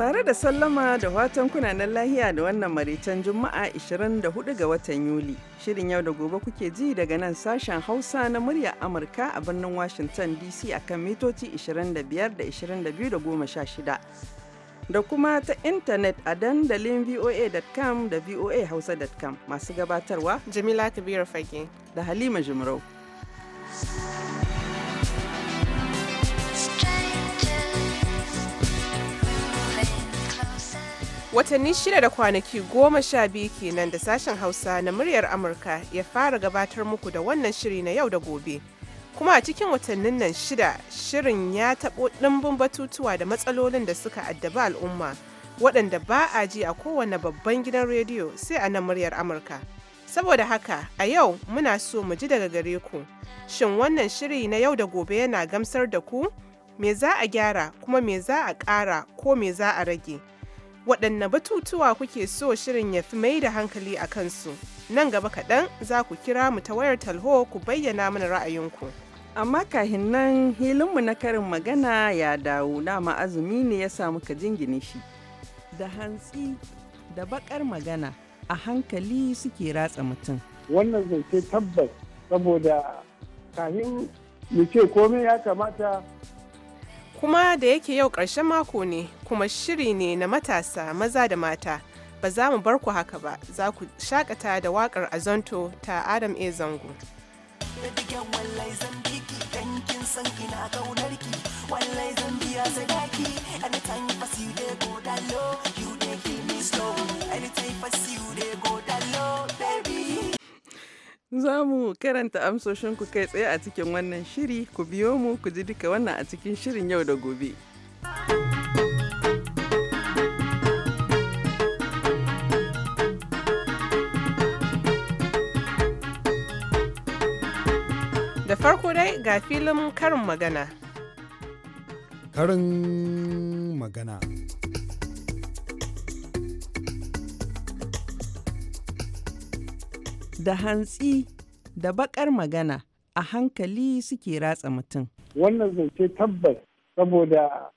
Tare da sallama da watan kunanan lahiya da wannan maritan Juma'a 24 ga watan Yuli. Shirin yau da gobe kuke ji daga nan sashen Hausa na murya Amurka a birnin Washington DC akan mitoci 25 da 22 da Da kuma ta intanet a dandalin voa.com da voahausa.com masu gabatarwa Jamila Kabiru Fage da Halima Jumrau. watanni shida da kwanaki goma sha biyu kenan da sashen hausa na muryar amurka ya fara gabatar muku da wannan shiri na yau da gobe kuma a cikin watannin nan shida shirin ya taɓo ɗimbin batutuwa da matsalolin da suka addaba al'umma waɗanda ba a ji a kowane babban gidan rediyo sai a nan muryar amurka saboda haka a yau muna so mu ji daga gare ku shin wannan shiri na yau da gobe yana gamsar da ku me za a gyara kuma me za a ƙara ko me za a rage waɗanne batutuwa kuke so shirin ya fi mai da hankali a kansu nan gaba kaɗan za ku kira mu ta wayar talho ku bayyana mana ra'ayinku amma kahin nan hilinmu na karin magana ya dawo dama azumi ne ya samu ka jingine shi da hantsi da bakar magana a hankali suke ratsa mutum wannan zance tabbas saboda kahin ya ce komai ya kamata Kuma da yake yau ƙarshen mako ne kuma shiri ne na matasa maza da mata ba za mu bar ku haka ba za ku shakata da waƙar Azonto ta Adam A. Zango. Anytime I see you they go down low Anytime I see you they go down low Za mu karanta amsoshin ku kai tsaye a cikin wannan shiri ku biyo mu ku ji duka wannan a cikin shirin yau da gobe. Da farko dai ga filin karin magana. Karin magana. da hantsi da bakar magana a hankali suke ratsa mutum. Wannan zance tabbas saboda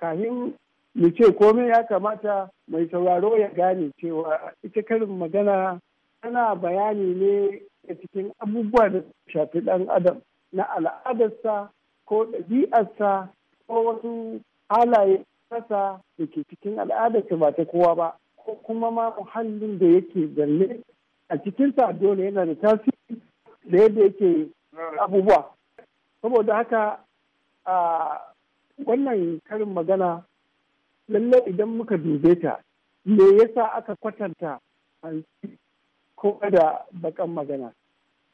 kahin mu ce komai ya kamata mai sauraro ya gane cewa ita karin magana tana bayani ne a cikin abubuwa da shafi ɗan adam na al'adarsa ko ɗabi'arsa ko wasu halaye kasa da ke cikin al'adarsa ba ta kowa ba ko kuma ma muhallin da yake zalle a cikin sa dole yana da tasiri da yadda yake abubuwa saboda haka a wannan karin magana lallai idan muka dube ta me yasa aka kwatanta hansi ko da bakan magana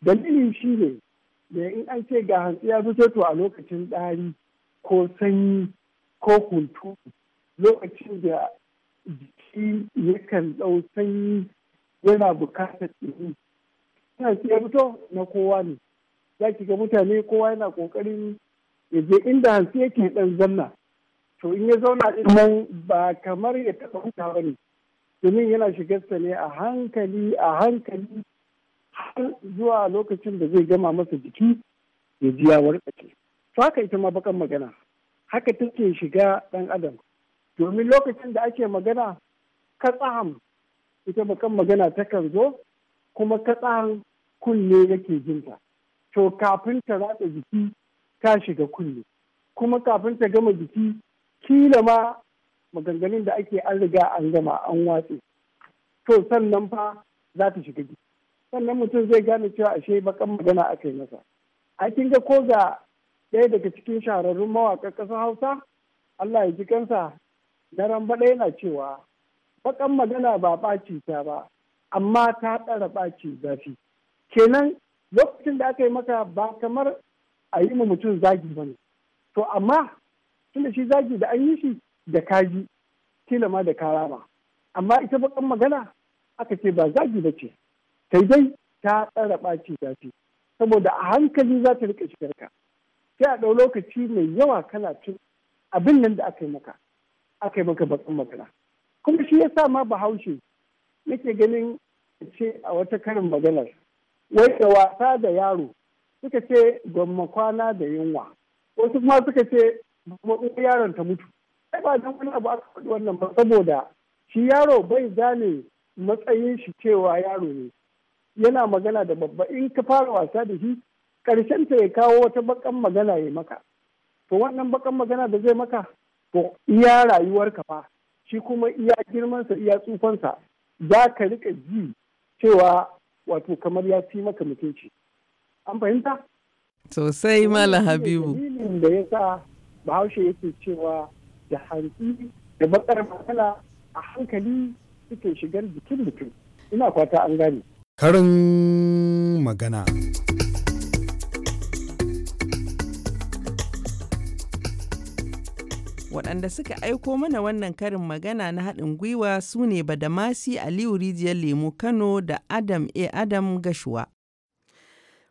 dalilin shi ne da in an ce ga hantsi ya fito to a lokacin ɗari ko sanyi ko hunturu lokacin da jiki yakan ɗau sanyi yana bukatar ilimi ina ya fito na kowa ne za ki ga mutane kowa yana ƙoƙarin ya je inda hansu yake ɗan zanna to in ya zauna ɗin ba kamar ya taɓa huta ba ne domin yana shigarsa ne a hankali a hankali har zuwa lokacin da zai gama masa jiki ya ji ya warkace to haka ita ma bakan magana haka take shiga ɗan adam domin lokacin da ake magana Ka katsaham ita bakan magana takan zo kuma katsan kunne yake jinta to kafin ta ratsa jiki ta shiga kunne kuma kafin ta gama jiki kila ma maganganun da ake an riga an gama an watse to sannan fa za ta shiga jiki sannan mutum zai gane cewa ashe bakan magana aka yi masa a kin ga ko ga ɗaya daga cikin shahararrun mawaƙan ƙasar hausa allah ya ji kansa daren baɗa yana cewa bakan magana ba ɓaci ta ba amma ta ɗara ɓaci zafi kenan lokacin da aka yi maka ba kamar a yi ma mutum zagi ba ne to amma tunda shi zagi da an yi shi da kaji kila ma da karama amma ita bakan magana aka ce ba zagi ba ce sai dai ta ɗara ɓaci zafi saboda a hankali za ta riƙa rika ka, sai a ɗau lokaci mai yawa kana cin abin nan da aka yi maka aka yi maka bakan magana kuma shi ya sa ma bahaushe nake ganin ce a wata karin maganar wai da wasa da yaro suka ce gwamma kwana da yunwa wasu kuma suka ce gwamma yaron ta mutu ai ba don wani abu aka faɗi wannan ba saboda shi yaro bai gane matsayin shi cewa yaro ne yana magana da babba in ka fara wasa da shi karshen ta ya kawo wata bakan magana ya maka to wannan bakan magana da zai maka to iya rayuwarka fa shi kuma iya girmansa iya tsufansa za ka rika ji cewa wato kamar ya fi maka mutunci an fahimta sosai mala habibu dalilin da ya sa bahaushe yake cewa da hantsi da bakar matsala a hankali suke shigar jikin mutum ina kwata an gane karin magana waɗanda suka aiko mana wannan karin magana na haɗin gwiwa su ne Badamasi Aliyu Rijiyar Lemu Kano da Adam A. Adam Gashuwa.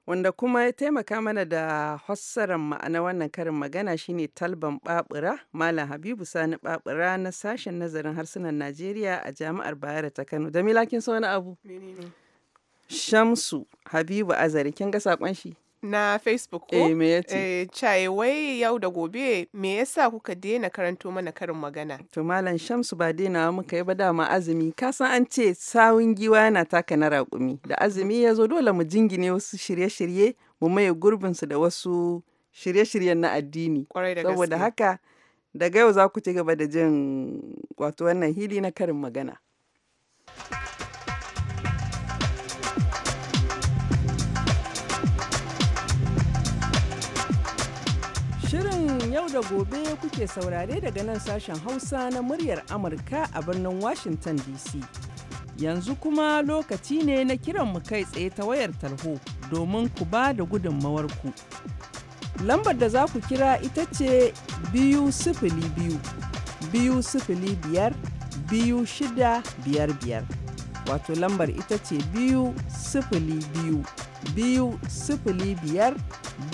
Wanda kuma ya taimaka mana da hassaran ma'ana wannan karin magana shine Talban Babura, Malam Habibu Sani Babura na sashen nazarin harsunan Najeriya a Jami'ar bayar ta Kano. Da milakin sauna abu? Shamsu Habibu Azari, kin ga saƙon shi? na Facebook ko? Eh, me ce? Eh, wai yau da gobe me yasa kuka daina karanto mana karin magana? To Malam Shamsu ba daina muka yi ba dama azumi. kasan an ce sawun giwa yana taka na raƙumi. Da azumi ya zo dole mu jingine wasu shirye-shirye mu maye gurbinsu da wasu shirye-shiryen na addini. Kwarai Saboda haka daga yau za ku ci gaba da jin wato wannan hili na karin magana. yau da gobe kuke saurare daga nan sashen Hausa na muryar Amurka a birnin Washington DC. Yanzu kuma lokaci ne na kiran mu kai tsaye ta wayar tarho domin ku ba da gudunmawar ku. Lambar da za ku kira ita ce biyu sifili biyu, biyu sifili biyar, biyu biyar biyar. Wato lambar ita ce biyu sifili biyu, biyu sifili biyar,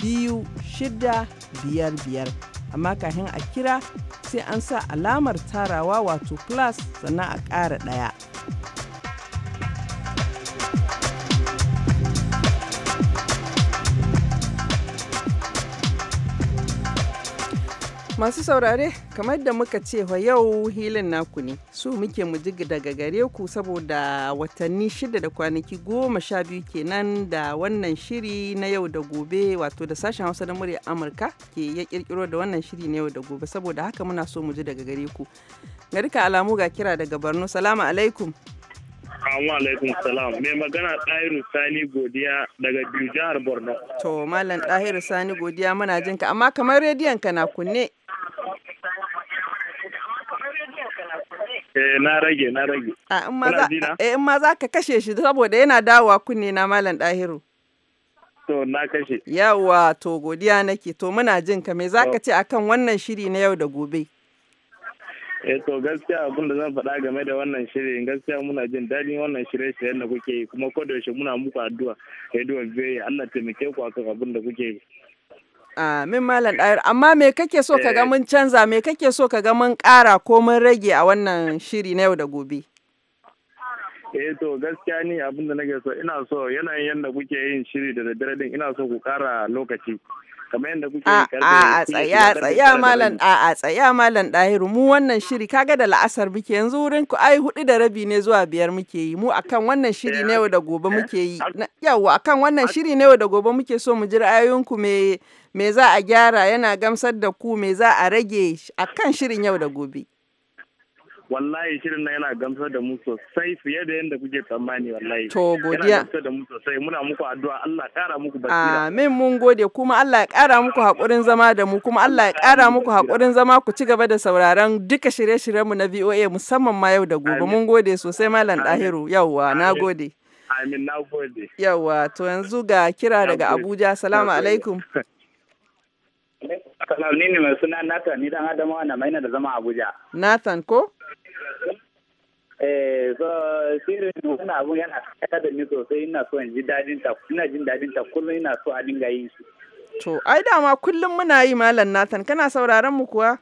biyu shida biyar biyar amma kafin a kira sai an sa alamar tarawa wato plus sannan a ƙara ɗaya. Masu saurare, kamar da muka ce wa yau hilin naku ne, su muke mu ji daga gare ku saboda watanni shida da kwanaki goma sha biyu kenan da wannan shiri na yau da gobe wato da sashen Hausa na murya Amurka ke ya kirkiro da wannan shiri na yau da gobe saboda haka muna so mu ji daga gare ku. Ga alamu ga kira daga Borno, salamu alaikum. Amma alaikum salam. Mai magana Ɗahiru Sani Godiya daga biyu jihar Borno. To Malam Ɗahiru Sani Godiya muna jin ka amma kamar rediyon ka na kunne. Eh na rage na rage. Ah, a eh, in ma za ka kashe shi saboda yana dawowa kunne na Malam Ɗahiru. To na kashe. Yawa to godiya nake to muna jin ka me za ka ce akan wannan shiri na yau da gobe. eh to gaskiya abin da zan faɗa game da wannan shirin gaskiya muna jin daɗin wannan shirye-shiryen da kuke yi kuma ko da yaushe muna muku addu'a addu'a biyu Allah taimake ku akan abin da kuke yi Amin Malam Ɗayar, amma me kake so ka ga eh. mun canza, me kake so ka ga mun ƙara ko mun rage a wannan shiri na yau da gobe? eh to gaskiya ni abin da nake so ina so yanayin yadda kuke yin shiri da daddare din ina so ku ƙara lokaci kamar yadda kuke a a tsaya tsaya malam a a tsaya malam dahiru mu wannan shiri kaga da la'asar muke yanzu wurin ku ai hudu da rabi ne zuwa biyar muke yi mu akan wannan shiri ne da gobe eh, muke yi eh. yawa akan wannan shiri ne da gobe muke so mu ji ra'ayoyinku me me za a gyara yana gamsar da ku me za a rage akan shirin yau da gobe wallahi shirin na yana gamsar da mu sosai fiye da yadda kuke tsammani wallahi to godiya yana gamsar da mu sosai muna muku addu'a Allah kara muku basira amin mun gode kuma Allah ya kara muku hakurin zama da mu kuma Allah ya kara muku hakurin zama ku ci gaba da sauraron duka shirye-shiryen mu na VOA musamman ma yau da gobe mun gode sosai malam Dahiru yawwa nagode amin nagode yawwa to yanzu ga kira daga Abuja salamu alaikum Salam ne mai suna Nathan ni dan Adamawa na maina da zama Abuja. Nathan ko? Eh, so shirin wannan abu yana kada da ni sosai ina so in ji dadin ta ina jin dadin ta kullum ina so a dinga yin su. To, ai dama kullum muna yi malam Nathan kana sauraron mu kuwa?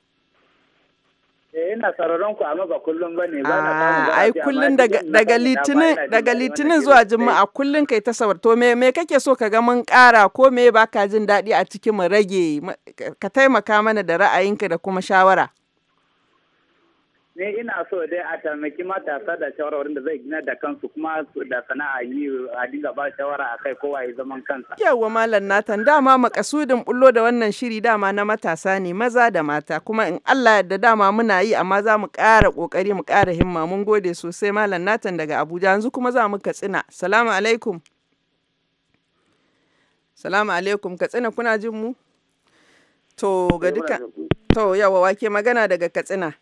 Eh, ina sauraron ku amma ba kullum bane ba na ah, ai kullum daga daga litinin daga litinin zuwa juma'a kullum kai ta sauraro to me me kake so ka ga mun ƙara ko me baka jin daɗi a cikin mu rage ka taimaka mana da ra'ayinka da kuma shawara. ne ina so dai a taimaki matasa da shawarwarin da zai gina da kansu kuma da sana'a yi a dinga ba shawara a kai kowa ya zaman kansa. Yawwa Malam Nathan dama makasudin bullo da wannan shiri dama na matasa ne maza da mata kuma in Allah yadda dama muna yi amma za mu ƙara ƙoƙari mu ƙara himma mun gode sosai Malam Nathan daga Abuja yanzu kuma za mu Katsina. Salamu alaikum. Salamu alaikum Katsina kuna jin mu? To ga dukkan. To yawa wake magana daga Katsina.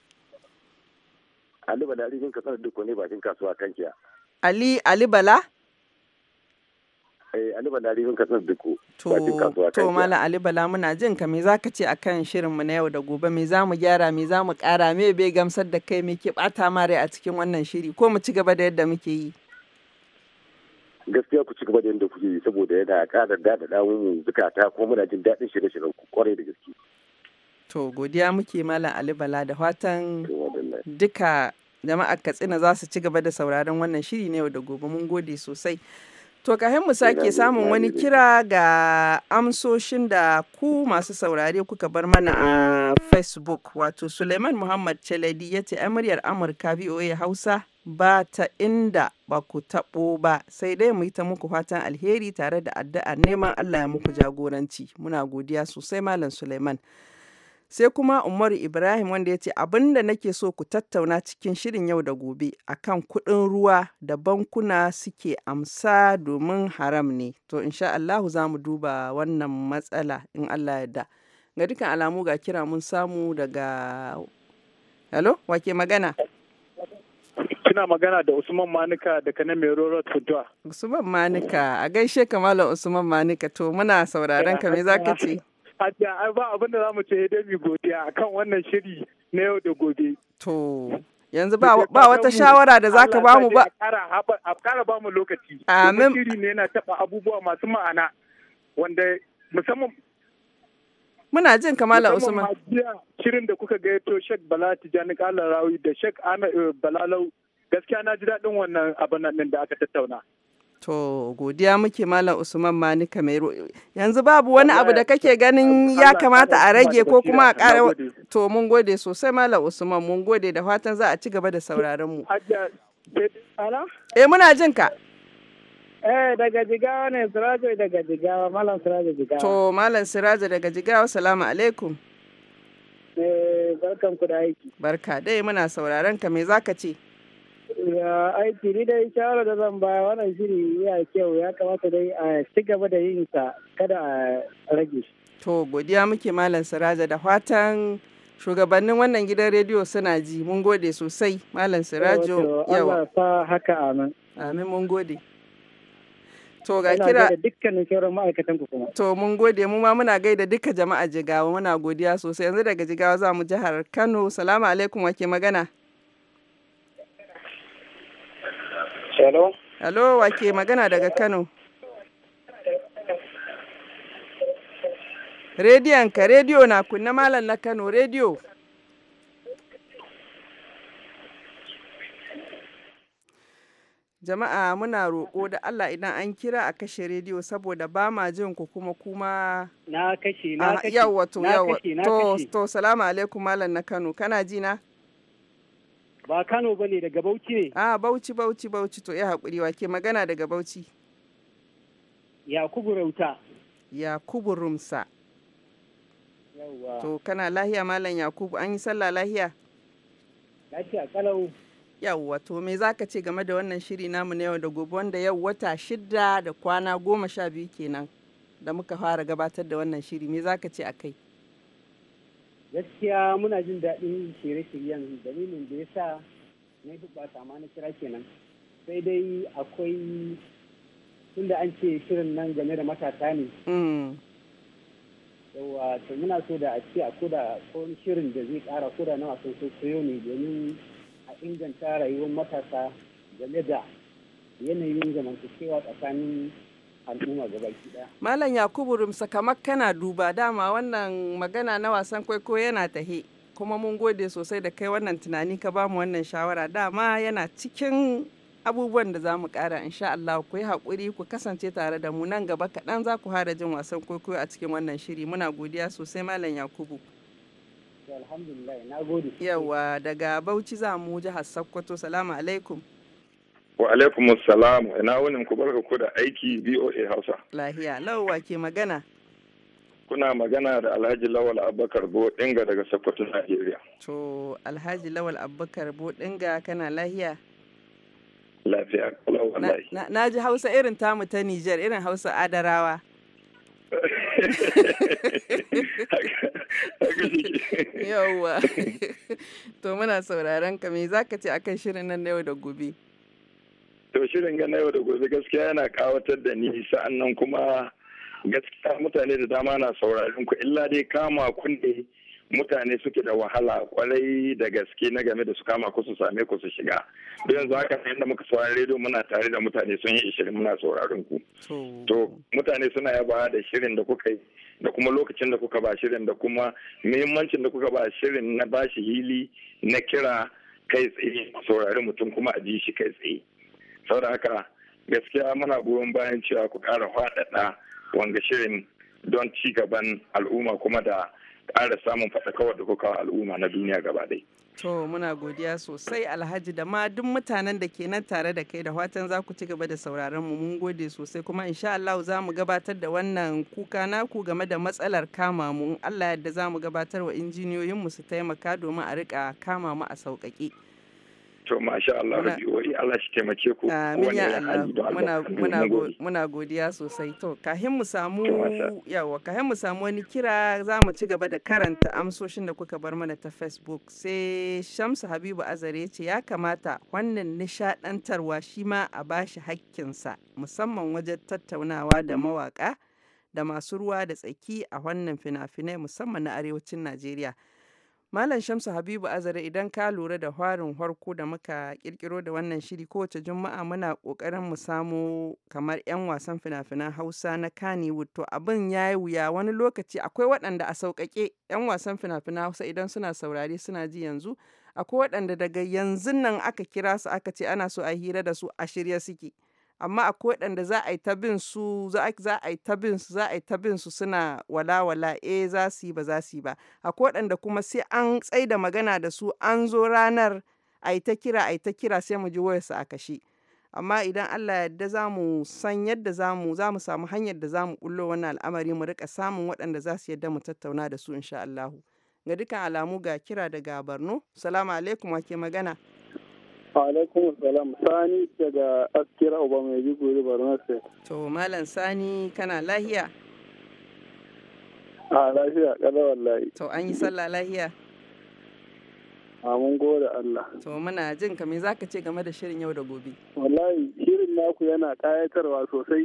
Ali Bala rijin sanar duk wani bakin kasuwa kiya. Ali Ali Bala? Eh Ali Bala rijin sanar duk bakin kasuwa tankiya. To Mala Ali Bala muna jin ka me zaka ce akan shirin mu na yau da gobe me zamu gyara me zamu kara me bai gamsar da kai me ke bata ma rai a cikin wannan shiri ko mu ci gaba da yadda muke yi. gaskiya ku ci gaba da yadda kuke yi saboda yana ƙara daɗa damun zukata ko muna jin daɗin shirye-shiryen ku kwarai da gaske. To godiya muke Malam Ali Bala da fatan duka jama'ar katsina za su ci gaba da sauraron wannan shiri na yau da gobe mun gode sosai to kahin mu sake samun wani kira ga amsoshin da ku masu saurare kuka bar mana a facebook wato suleiman muhammad chaladi ya ce muryar amurka voa hausa ba ta inda ba ku taɓo ba sai dai mu yi ta muku fatan alheri tare da addu'ar neman allah ya muku jagoranci muna godiya sosai malam suleiman Sai kuma umar Ibrahim wanda ya ce abinda nake so ku tattauna cikin shirin yau da gobe akan kuɗin ruwa da bankuna suke amsa domin haram ne. To insha Allahu za mu duba wannan matsala in Allah yarda. Ga dukkan alamu ga kira mun samu daga Hello, wake magana? Kina magana da Usman Manika da nan mai Road Kuduwa. Usman Manika, a gaishe kamala Usman Manika to muna sauraron ka me zaka ce? Hajiya ai ba abin da za mu ce dai mu godiya kan wannan shiri na yau da gobe. To yanzu ba wata shawara da za ka ba mu ba. A kara ba mu lokaci. Amin. Shiri ne yana taɓa abubuwa masu ma'ana wanda musamman Muna jin Kamala Usman. Shirin da kuka ga to Sheikh Bala Tijani Kalarawi da Sheikh Ahmed eh, Balalau gaskiya na ji daɗin wannan abin da aka tattauna. To godiya muke Malam Usman Mani Kamero. Yanzu babu wani abu da kake ganin ya kamata a rage ko kuma a ƙara to mun gode sosai Malam Usman mun gode da fatan za a ci gaba da sauraron mu. Eh muna jin ka. Eh daga Jigawa ne Siraje daga Jigawa Malam Siraje Jigawa. To Malam Siraje daga Jigawa salamu alaikum. Eh barkan ku da aiki. Barka dai muna sauraron ka me zaka ce? ya aiki ni dai shawara da zan baya wannan shiri ya kyau ya kamata dai a ci gaba da yin sa kada a rage to godiya muke malam siraja da fatan shugabannin wannan gidan rediyo suna ji mun gode sosai malam sirajo yawa sa haka amin amin mun gode to ga kira da dukkanin sauran ma'aikatan ku kuma to mun gode mu ma muna gaida duka jama'a jigawa muna godiya sosai yanzu daga jigawa za mu jihar kano salamu alaikum wake magana Hello. Hello, wake magana daga Kano. Rediyonka rediyo na kunna malam na Kano, rediyo. Jama'a muna roƙo da Allah idan an kira a kashe rediyo saboda ba ma jin ku kuma kuma na kashe na kashe to to to salamu alaikum malam na Kano kana ji na Ba Kano ba ne daga Bauchi ne. A ah, Bauchi Bauchi Bauchi to ya haƙuri ke magana daga Bauchi. Yakubu Rauta. Yakubu Rumsa. To kana lahiya Malam Yakubu an yi sallah lahiya? Lafiya kalau. Yawwa to me za ka ce game da wannan shiri namu na yau da gobe wanda yau wata shida da kwana goma sha biyu kenan da muka fara gabatar da wannan shiri me za ka ce a kai? gaskiya muna jin daɗin shirye-shiryen dalilin da ya sa na yi bukata ma na kira kenan sai dai akwai tunda an ce shirin nan game da matasa ne mm. yawa to muna so da a ce a koda ko shirin da zai kara koda na wasan sosayo ne domin a inganta rayuwar matasa game da yanayin zamantakewa tsakanin al'umma baki daya malam yakubu rumsa kamar kana duba dama wannan magana na wasan kwaikwayo yana tahe kuma mun gode sosai da kai wannan tunani ka ba mu wannan shawara dama yana cikin abubuwan da za mu kara insha Allah ku yi haƙuri ku kasance tare da mu nan gaba kaɗan za ku hara jin wasan kwaikwayo a cikin wannan shiri muna godiya sosai malam yakubu alhamdulillah na gode yawa daga bauchi za mu jihar sokoto salamu alaikum Wa alaikum salam ina wani ku barka ku da aiki BOA Hausa. Lahiya lawa ke magana. Kuna magana da Alhaji Lawal Abubakar Bodinga daga Sokoto Najeriya. To Alhaji Lawal Abubakar Bodinga kana lahiya? Lafiya kalau wallahi. Na ji Hausa irin tamu ta Nijar irin Hausa Adarawa. Yawwa. To muna sauraron ka me zaka ce akan shirin nan na yau da gobe? to shirin ga yau da gobe gaskiya yana kawatar da ni sa'an nan kuma gaskiya mutane da dama na saurarin ku illa dai kama kun ne mutane suke da wahala kwarai da gaske na game da su kama ku su same ku su shiga don yanzu haka inda muka saurari rediyo muna tare da mutane sun yi shirin muna sauraron ku to mutane suna yaba da shirin da kuka yi da kuma lokacin da kuka ba shirin da kuma muhimmancin da kuka ba shirin na bashi hili na kira kai tsaye saurari mutum kuma a ji shi kai tsaye saboda haka gaskiya muna goyon bayan cewa ku ƙara faɗaɗa wanga shirin don ci gaban al'umma kuma da ƙara samun faɗakawar da kuka al'umma na duniya gaba dai. To muna godiya sosai Alhaji da ma duk mutanen da ke nan tare da kai da watan za ku ci gaba da sauraron mu mun gode sosai kuma insha Allah za mu gabatar da wannan kuka naku game da matsalar kama mu Allah yadda za mu gabatar wa injiniyoyin mu su taimaka domin a rika kama mu a sauƙaƙe. To masha Allah Allah shi taimake ku wani Muna godiya sosai. To kahin mu samu yawa kahin mu samu wani kira za mu ci gaba da karanta amsoshin da kuka bar mana ta Facebook sai Shamsu Habibu Azare ce ya kamata wannan nishadantarwa shi ma a bashi hakkinsa musamman wajen tattaunawa da mawaka da masu ruwa da tsaki a wannan fina-finai musamman na arewacin Najeriya. Malam Shamsu Habibu Azare idan ka lura da hwarin harko da muka kirkiro da wannan shiri kowace juma'a muna kokarin mu samu kamar 'yan wasan fina-finan Hausa na Kannywood to abin ya yi wuya wani lokaci akwai waɗanda a sauƙaƙe 'yan wasan fina-finan Hausa idan suna saurari suna ji yanzu akwai waɗanda daga yanzun nan aka kira su aka ce ana so a hira da su a shirya suke. amma akwai waɗanda za a yi ta bin su za a yi ta bin su za a yi ta bin su suna walawala e za su yi ba za su yi ba akwai waɗanda kuma sai an tsai da magana da su an zo ranar a yi ta kira a yi ta kira sai mu ji wayarsu a kashe amma idan Allah yarda za mu san yadda za mu za mu samu hanyar da za mu bullo wannan al'amari mu rika samun waɗanda za su yadda mu tattauna da su insha Allahu ga dukkan alamu ga kira daga Borno salamu alaikum wake magana alaikum salam sani daga askira uba mai jigori borno state to malam sani kana lahiya a lahiya kada wallahi to an yi sallah lahiya mun gode Allah to muna jin ka me zaka ce game da shirin yau da gobe wallahi shirin naku yana kayatarwa sosai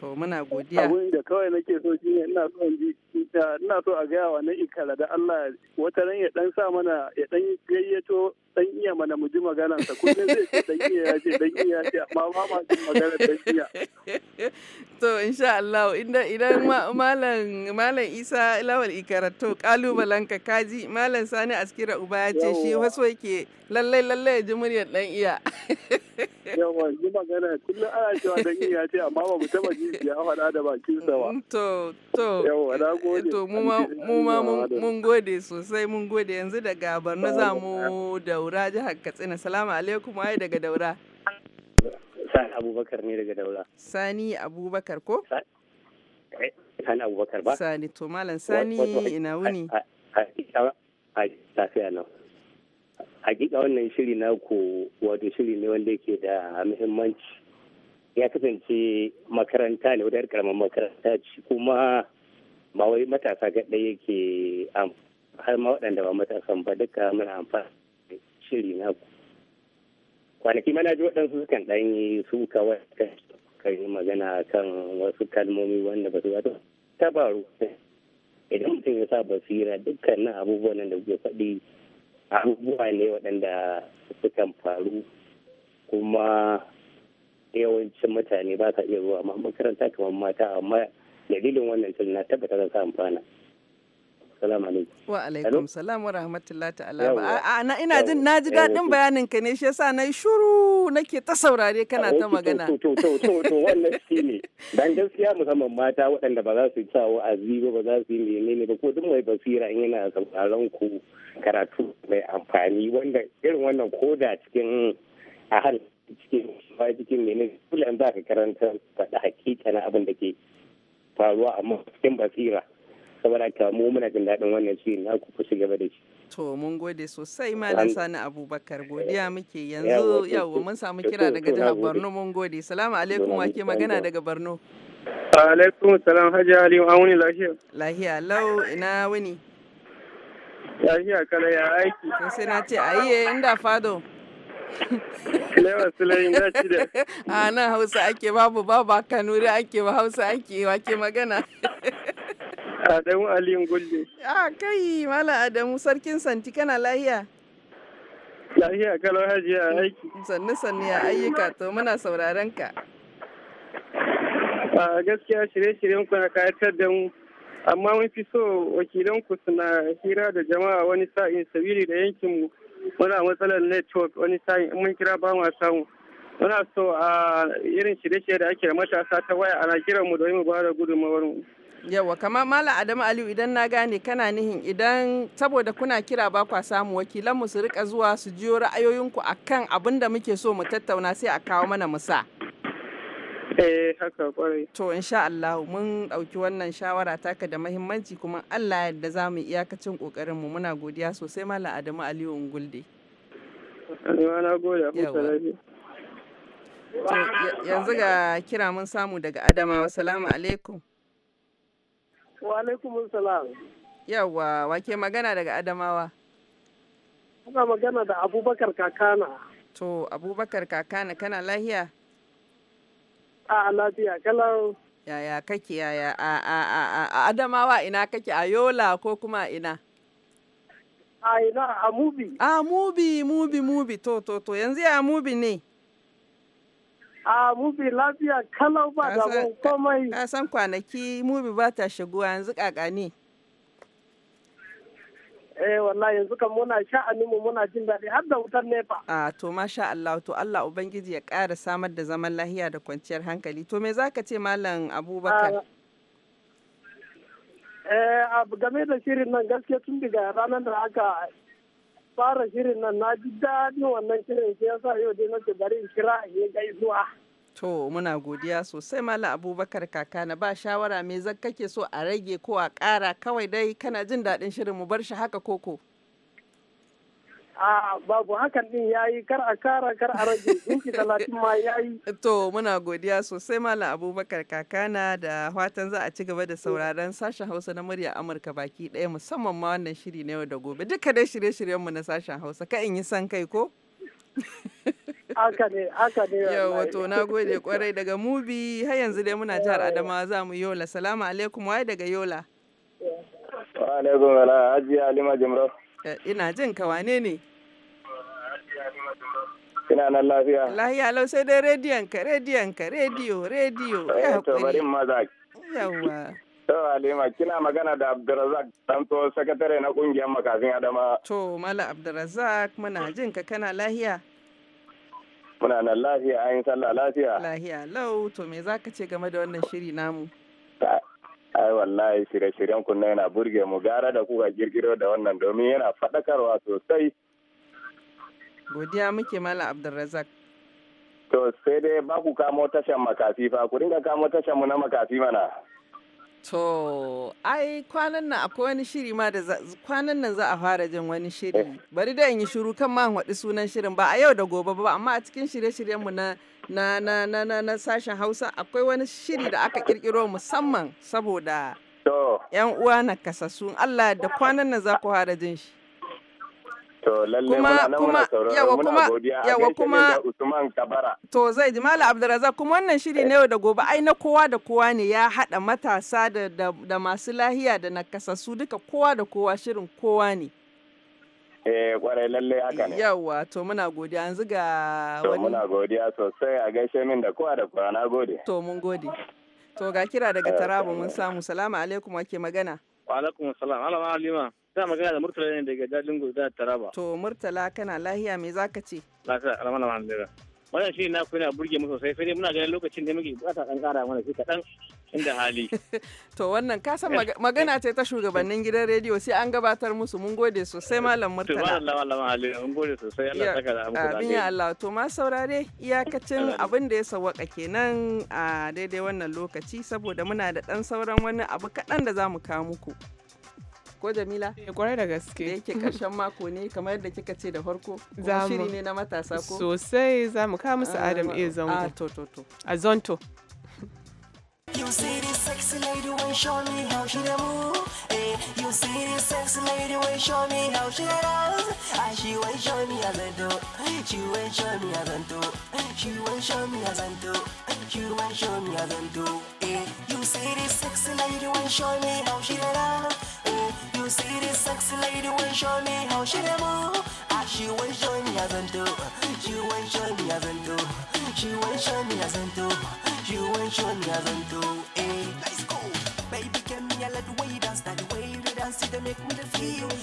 To muna godiya. abun da kawai nake so shi ne ina so ji ina so a gaya wa na ikala da Allah wata ran ya dan sa mana ya dan gayyato dan iya mana mu ji maganar sa kullum zai ce dan iya ya ce dan iya ya ce amma ba ma ji maganar dan iya. To insha Allah idan idan malam malam Isa Lawal Ikara to kalubalen kaji malam Sani Askira Uba ya ce shi wasu yake lallai lallai ya ji muryar dan iya. yawa yi magana kullum ana cewa dan iya ce amma ba mu taba ji ya faɗa da bakin sa ba mm, to to yawa na gode to mu ma mun gode sosai mun gode yanzu daga Borno za mu daura jihar Katsina salamu alaikum ai daga daura Sani Abubakar ne daga daura Sani Abubakar ko eh, Sani Abubakar ba Sani to malam Sani ina wuni lafiya nan hakika wannan shiri na ku wato shiri ne wanda yake da muhimmanci ya kasance makaranta ne wadda karamar makaranta ce kuma ba wai matasa kaɗai yake har ma waɗanda ba matasan ba duka muna amfani shiri na ku kwanaki mana ji waɗansu sukan ɗan yi su kawai kan yi magana kan wasu kalmomi wanda ba su wato tabaru idan mutum ya sa basira dukkanin abubuwan da kuke faɗi abubuwa ne waɗanda sukan faru kuma yawancin mutane ba sa iya zuwa makaranta kamar mata amma dalilin wannan fim na tabbata za su amfana. Salamu alaikum. Wa alaikum salam wa rahmatullahi ta'ala. Ana ina jin na ji eh, daɗin bayanin ka ne shi yasa na yi shuru nake ta saurare kana ah, ta magana. To to to to wannan shi ne. Dan gaskiya musamman mata waɗanda ba za su sa wa'azi ba ba za su yi menene ba ko duk mai basira in yana sauraron ku karatu mai amfani wanda irin wannan koda cikin a har cikin ba cikin menene kullum za ka karanta faɗi hakika na abin da ke faruwa amma cikin basira. saboda ka mu muna jin daɗin wannan shi na ku ci gaba da shi to mun gode sosai malam sani abubakar godiya muke yanzu yau mun samu kira daga jihar borno mun gode salamu alaikum ke magana daga borno alaikum salam hajji halim wuni lahiya? Lahiya. lau ina wuni Lahiya kala ya aiki to sai na ce ayi eh, inda fado Lewa Sulayi na ci A nan Hausa ake babu babu Kanuri ake ba Hausa ake wake magana. Adamu Aliyun Gulli. A ah, kai Mala Adamu sarkin santi kana lahiya? Lahiya kalau hajiya aiki. Sannu sannu ya ayyuka to muna sauraron ka. A gaskiya shirye-shiryen ku na kayatar da mu amma mun fi so wakilanku suna hira da jama'a wani sa'in sabili da yankin mu muna matsalar network wani sa'in mun kira ba mu samu. Muna so a irin shirye-shirye da ake matasa ta waya ana kiran mu domin mu ba da gudunmawar mu. yawa kamar mala adamu aliyu idan na gane kana nihin idan saboda kuna kira ba kwa samu mu su rika zuwa su jiyo ra'ayoyinku akan abin da muke so mu tattauna sai a kawo mana musa eh haka kwarai to insha mun dauki wannan shawara taka da mahimmanci kuma Allah yadda za mu iyakacin kokarin mu muna godiya sosai mala adamu aliyu ungulde yanzu ga kira mun samu daga adamawa salamu alaikum Wa salam. Yawwa, wake magana daga Adamawa. Ana magana da Abubakar Kakana. To, Abubakar Kakana kana lahiya? A lafiya, kalau. Yaya kake yaya a a a a Adamawa ina kake a Yola ko kuma ina? A ina a Mubi. A Mubi, Mubi, Mubi, to to to yanzu ya Mubi ne. A mubi lafiya kalau ba da komai. Ka san kwanaki mubi ba ta shigowa yanzu kaka ne. eh wallahi yanzu kan muna mu muna jin daɗi har da wutar nefa. A to masha Allah to Allah Ubangiji ya ƙara samar da zaman lahiya da kwanciyar hankali. To me zaka ce Malam Abubakar? Ah, eh abu game da shirin nan gaskiya tun daga ranar da aka fara shirin nan na ji daɗin wannan shirin shi yasa yau dai nake bari in kira in yi gaisuwa. To muna godiya sosai mala Abubakar kaka na ba shawara me zan kake so a rage ko a kara kawai dai kana jin daɗin shirin mu bar shi haka koko. babu hakan din yayi kar a kara kar a rage inci talatin ma ya yi. To muna godiya sosai mala Abubakar Kakana da fatan za a ci gaba da sauraron sashen Hausa na murya Amurka baki ɗaya musamman ma wannan shiri na yau da gobe. Duka dai shirye-shiryenmu na sashen Hausa ka in yi san kai ko? haka ne yawa to na gode kwarai daga mubi har yanzu dai muna jihar adama, za mu yola salamu alaikum waye daga yola wa alaikum ala haji halima jimro eh, ina jin ka wane ne ina nan lafiya lafiya lau sai dai rediyon ka rediyon ka rediyo rediyo ya eh, to bari maza yawa To Halima, kina magana da Abdulrazak Santo, sakatare na kungiyar makafin Adama. To, Mala Abdulrazak, muna jin ka kana lafiya. Muna nan lafiya an yi sallah lafiya. Lafiya lau to me za ka ce game da wannan shiri namu? Ai wallahi shirye-shiryen kunna yana burge mu gara da kuka girgiro da wannan domin yana faɗakarwa sosai. Godiya muke Mala Abdulrazak. To sai dai ba ku kamo tashan makafi fa ku dinga kamo tashan mu na makafi mana. To, ai kwanan nan akwai wani shiri ma da kwanan nan za a fara jin wani shiri. Eh. Bari da in yi shiru kan ma haɗi sunan shirin ba a yau da gobe ba amma a cikin shirye-shiryenmu na na na na na, na sashen Hausa akwai wani shiri da aka kirkiro musamman saboda yan uwa na kasassun Allah da kwanan nan za ku fara jin shi. To lallai muna nan muna sauraron muna godiya a gaishe da Usman Kabara. To zai ji Malam Abdulrazak kuma wannan shiri ne yau da gobe ai na kowa da kowa ne ya haɗa matasa da masu lahiya da nakasassu duka kowa da kowa shirin kowa ne. Eh kwarai lalle haka ne. Yawwa to muna godiya yanzu ga wani. To muna godiya sosai a gaishe min da kowa da kowa na gode. To mun gode. To ga kira daga Taraba mun eh. samu salamu alaikum wake magana. Wa alaikum salam. Alama Halima. Suna magana da Murtala ne daga Dadin Gurda Taraba. To Murtala kana lahiya me zaka ce? Lafiya Ramana Mahandira. Wannan shi na kuna burge mu sosai sai dai muna ganin lokacin da muke bukata dan kara mana shi kaɗan inda hali. to wannan ka san magana ce ta shugabannin gidan rediyo sai an gabatar musu mun gode sosai malam Murtala. To malam malam hali mun gode sosai Allah saka da amfani. Amin ya Allah to ma saurare iyakacin abin da ya sawaka kenan a daidai wannan lokaci saboda muna da dan sauran wani abu kaɗan da za mu kawo muku. ko jamila eh, kwarai da gaske da yake karshen mako ne kamar yadda kika ce da farko Ko shiri ne na matasa ko sosai za mu kawo musu adam a ah, zango a to to to a zonto You see this sexy lady when show me how she da move. Hey, eh? you lady when show me how she And she when show me as I do. She when show me as I do. She when show me as I do. She when show me as I do. you see this sexy lady when show me how she da see this sexy lady when show me how she dey move. Ah, she won't show me as and do. She won't show me as and do. She won't show me as and do. She won't show me as and do. Hey, eh, let's go, baby, give me a little way dance, that way you dance, it make me feel.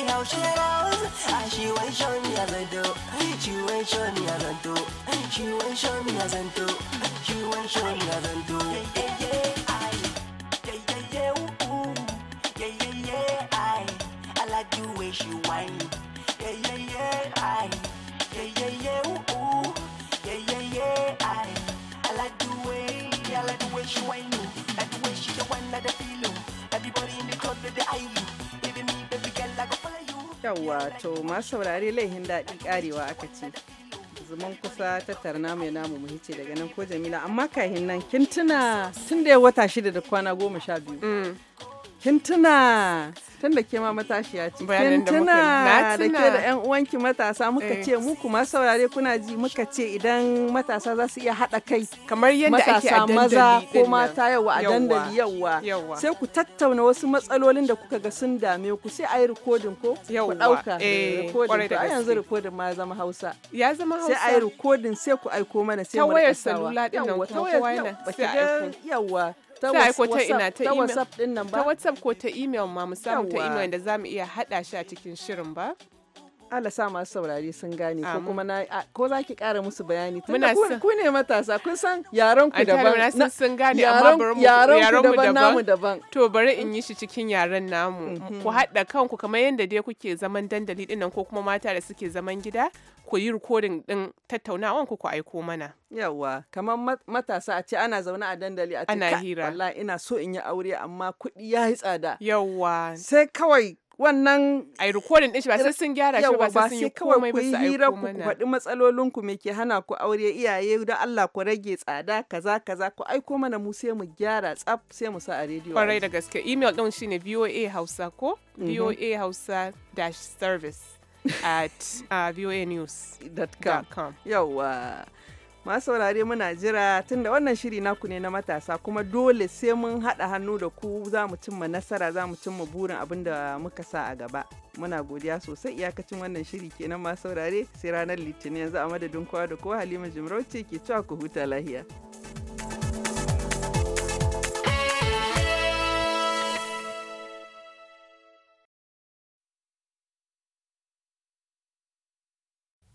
see how she does. Ah, she went show me as I do. She went show me as I do. She went show me as I do. She went show me as I do. Yeah, yeah, yeah, I. Yeah, yeah, yeah, ooh, Yeah, yeah, yeah, I. I like the way she whine. Yeah, yeah, yeah, I. Yeah, yeah, yeah, ooh, ooh. Yeah, yeah, yeah, I. I like the way. I like the way she whine. Yawwa to masu saurare laihin daɗi ƙarewa aka ce. zuman kusa tattarna mai namu mu hice daga nan ko jamila amma kahin nan kin tuna tun da ya wata shida da kwana goma sha biyu mm. Kintuna tun da ke ma matashiya ce. kintuna da ke da 'yan uwanki matasa muka eh. ce mu kuma saurare kuna ji muka ce idan matasa za su iya haɗa kai. Kamar yadda ake a dandali maza ko mata yawa a dandali yawa. Sai ku tattauna wasu matsalolin da kuka ga sun dame ku sai a yi rikodin ko? Ku ɗauka. Eh, eh, rikodin. A yanzu rikodin ma ya zama Hausa. Ya zama Hausa. Sai a yi rikodin sai ku aiko mana sai mu da Ta wayar salula ɗin nan kuma kowa yana. Yawa. ta whatsapp nan ba ta ko ta email ma musamman ta email da za mu iya haɗa shi a cikin shirin ba Allah sa masu saurari sun gane ko kuma na ko za ki kara musu bayani da ku ne matasa kun san yaron ku daban na sun gane amma bari mu yaron ku daban namu daban to bari in yi shi cikin yaran namu mhm. ku hada kanku kamar yadda dai kuke zaman dandali nan ko kuma mata da suke zaman gida ku yi rikodin din tattaunawan ku ku aiko mana. Yawwa, kamar matasa a ce ana zaune a dandali a ce ana hira. Wallah ina so in yi aure amma kuɗi ya yi tsada. Yawwa. Sai kawai wannan a yi rikodin ɗin shi ba sai sun gyara shi ba sai sun yi komai ba su aiko mana. Ku faɗi matsalolin ku me ke hana ku aure iyaye don Allah ku rage tsada kaza kaza ku aiko mana mu sai mu gyara tsaf sai mu sa a rediyo. Kwarai da gaske email ɗin shine voa hausa ko mhm. voa hausa dash service at uh, voanews.com. Yawwa. masu muna jira tunda wannan shiri naku ne na matasa kuma dole sai mun haɗa hannu da ku za mu cimma nasara za mu cimma burin abin da muka sa a gaba muna godiya sosai iyakacin wannan shiri kenan masu saurare sai ranar litinin yanzu a madadin kowa da kowa halima jimarauce ke cewa ku huta lahiya.